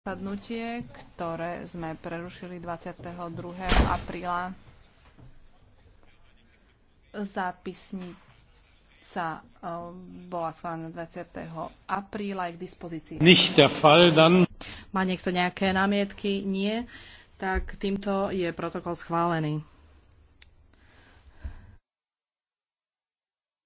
zasadnutie, ktoré sme prerušili 22. apríla. Zápisnica eh, bola schválená 20. apríla je k dispozícii. Má niekto nejaké námietky? Nie. Tak týmto je protokol schválený.